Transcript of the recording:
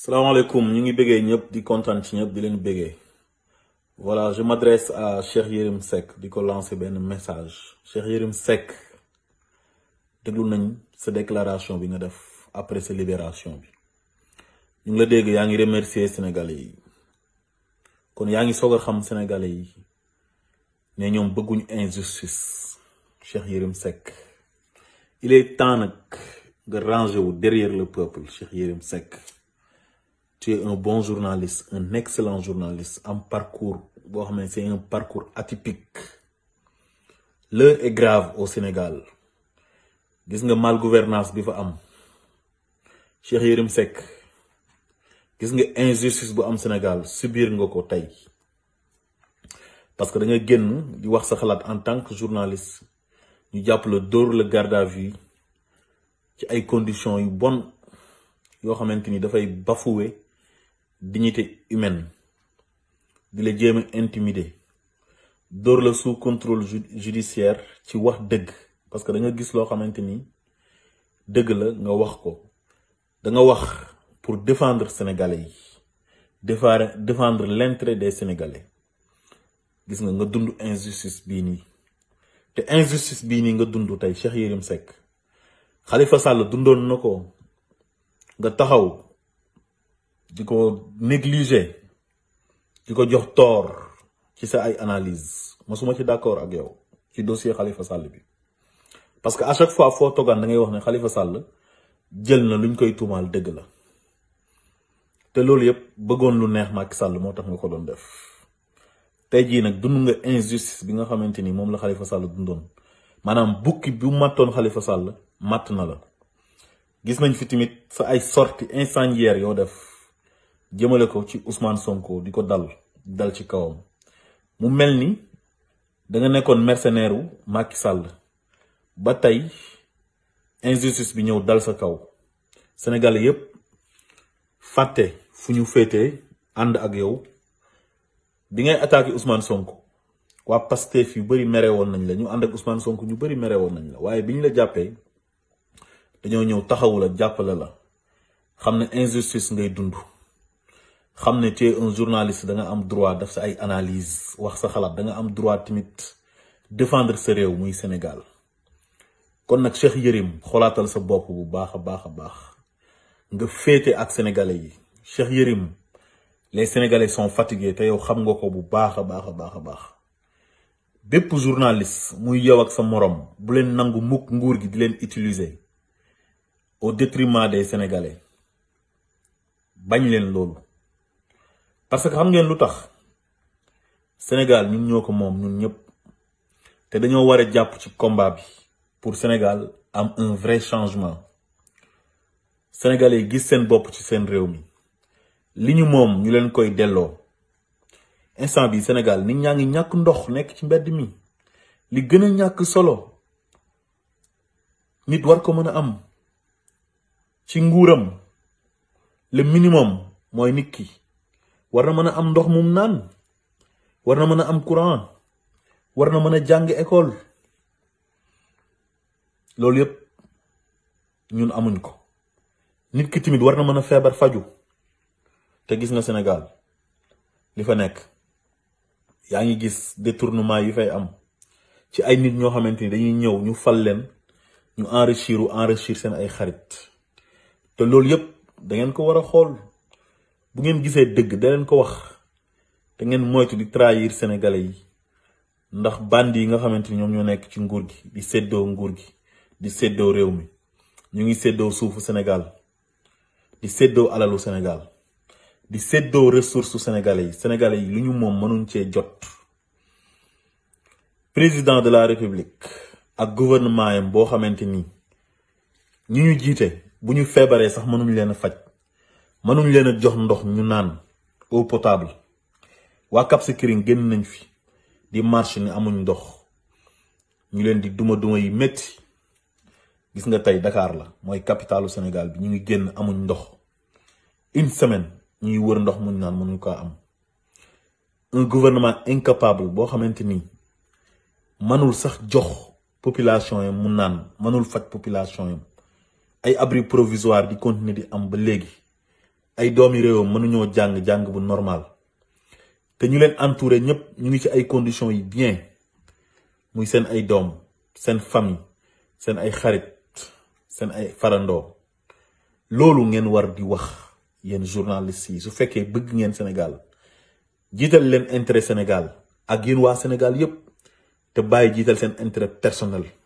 salaamaaleykum ñu ngi bëggee ñëpp di kontaan ci ñëpp di leen bëggee voilà je m'adresse à Cheikh Yérim Seck di ko lancer benn message Cheikh Yérim Seck déglu nañ sa déclaration bi nga def après sa libération bi ñu ngi la dégg yaa ngi remercier sénégalais yi kon yaa ngi soog a xam sénégalais yi ne ñoom bëgguñu injustice Cheikh Yérim Seck il est temps nag nga ranger wu derrière le peuple Cheikh Yérim Seck tu es un bon journaliste un excellent journaliste am parcours boo xam ne c'est un parcours atypique l'heure est grave au Sénégal gis nga mal gouvernance bi fa am Cheikh Yérim Seck gis nga injustice bu am Sénégal subir nga ko tey parce que da nga génn di wax sa xalaat en tant que journaliste ñu jàpp la dóor la garde à vue ci ay conditions yu bon yoo xamante ni dafay bafouer dignité humaine di la jéem a intimider dóor la sous contrôle judiciaire ci wax dëgg parce que da nga gis loo xamante ni dëgg la nga wax ko da nga wax pour défendre sénégalais yi défendre défendre l'intérêt des sénégalais gis nga nga dund injustice bii nii te injustice bii nii nga dund tey Cheikh Yérim Seck xalifa Sall dundoon na ko nga taxaw. di ko négliger di ko jox tort ci sa ay analyse mosuma ci d'accord ak yow ci dossier Khalifa Sall bi parce que à chaque fois foo toogaan dangay wax ne Khalifa Sall jël na luñ koy tuumaal dëgg la te loolu yëpp bëggoon lu neex ma ak Sall moo tax nga ko doon def tey jii nag dund nga injustice bi nga xamante ni moom la Khalifa Sall dundoon maanaam bukki bu mattoon Khalifa Sall matt na la gis nañ fi tamit sa ay sorties incendiaires yoo def jëmale ko ci Ousmane Sonko di ko dal dal ci kawam mu mel ni danga nekkoon mercenaire wu Macky Sall ba tey injustice bi ñëw dal sa kaw Sénégal yépp fàtte fu ñu féetee ànd ak yow bi ngay attaqué Ousmane Sonko waa Pastef yu bëri mere woon nañ la ñu ànd ak Ousmane Sonko ñu bari mere woon nañ la waaye bi ñu la jàppee dañoo ñëw taxawu la jàppale la xam ne injustice ngay dund. xam ne tu un journaliste da am droit def sa ay analyse wax sa xalaat da am droit tamit défendre sa réew muy Sénégal kon nag Cheikh Yérim xolaatal sa bopp bu baax a baax a baax nga féete ak sénégalais yi Cheikh Yérim les sénégalais sont fatigués te yow xam nga ko bu baax a baax a baax a baax bépp journaliste muy yow ak sa moroom bu leen nangu mukk nguur gi di leen utiliser au détriment des sénégalais bañ leen loolu. parce que xam ngeen lu tax Sénégal ñun ñoo ko moom ñun ñëpp te dañoo war a jàpp ci combat bi pour Sénégal am un vrai changement sénégalais gis seen bopp ci seen réew mi li ñu moom ñu leen koy delloo instant bi Sénégal nit ñaa ngi ñàkk ndox nekk ci mbedd mi li gën a ñàkk solo nit war ko mën a am ci nguuram le minimum mooy nit ki. war na mën a am ndox mu naan war na mën a am courant war na mën a jàng école loolu yëpp ñun amuñ ko nit ki timit war na mën a feebar faju te gis nga Sénégal li fa nekk yaa ngi gis détournement yi fay am ci ay nit ñoo xamante ni dañuy ñëw ñu fal leen ñu enrichir enrichir seen ay xarit te loolu yëpp da ngeen ko war a xool bu ngeen gisee dëgg daleen ko wax te ngeen moytu di trahir sénégalais yi ndax bandi yi nga xamante ni ñoom ñoo nekk ci nguur gi di séddoo nguur gi di séddoo réew mi ñu ngi séddoo suufu Sénégal di séddoo alalu Sénégal di séddoo ressource su sénégalais yi sénégalais yi lu ñu moom mënuñ cee jot président de la république ak gouvernement yam boo xamante ni ñu ñu jiite bu ñu feebaree sax mënuñ leen faj. mënuñ leen jox ndox ñu naan eau potable waa Cap Skirring génn nañ fi di marche ni amuñ ndox ñu leen di duma duma yi métti gis nga tey Dakar la mooy capitalu Sénégal bi ñu ngi génn amuñ ndox une semaine ñuy wër ndox muñ naan mënuñ ko am gouvernement incapable boo xamante ni mënul sax jox population yi mu naan mënul faj population yi ay abri provisoire di continuer di am ba léegi. ay doomi réewam mënuñoo jàng jàng bu normal te ñu leen entouré ñëpp ñu ngi ci ay conditions yi bien muy seen ay doom seen famille seen ay xarit seen ay farandoo loolu ngeen war di wax yéen journalistes yi su fekkee bëgg ngeen Sénégal jiital leen intérêt Sénégal ak yéen waa Sénégal yëpp te bàyyi jiital seen intérêt personnel.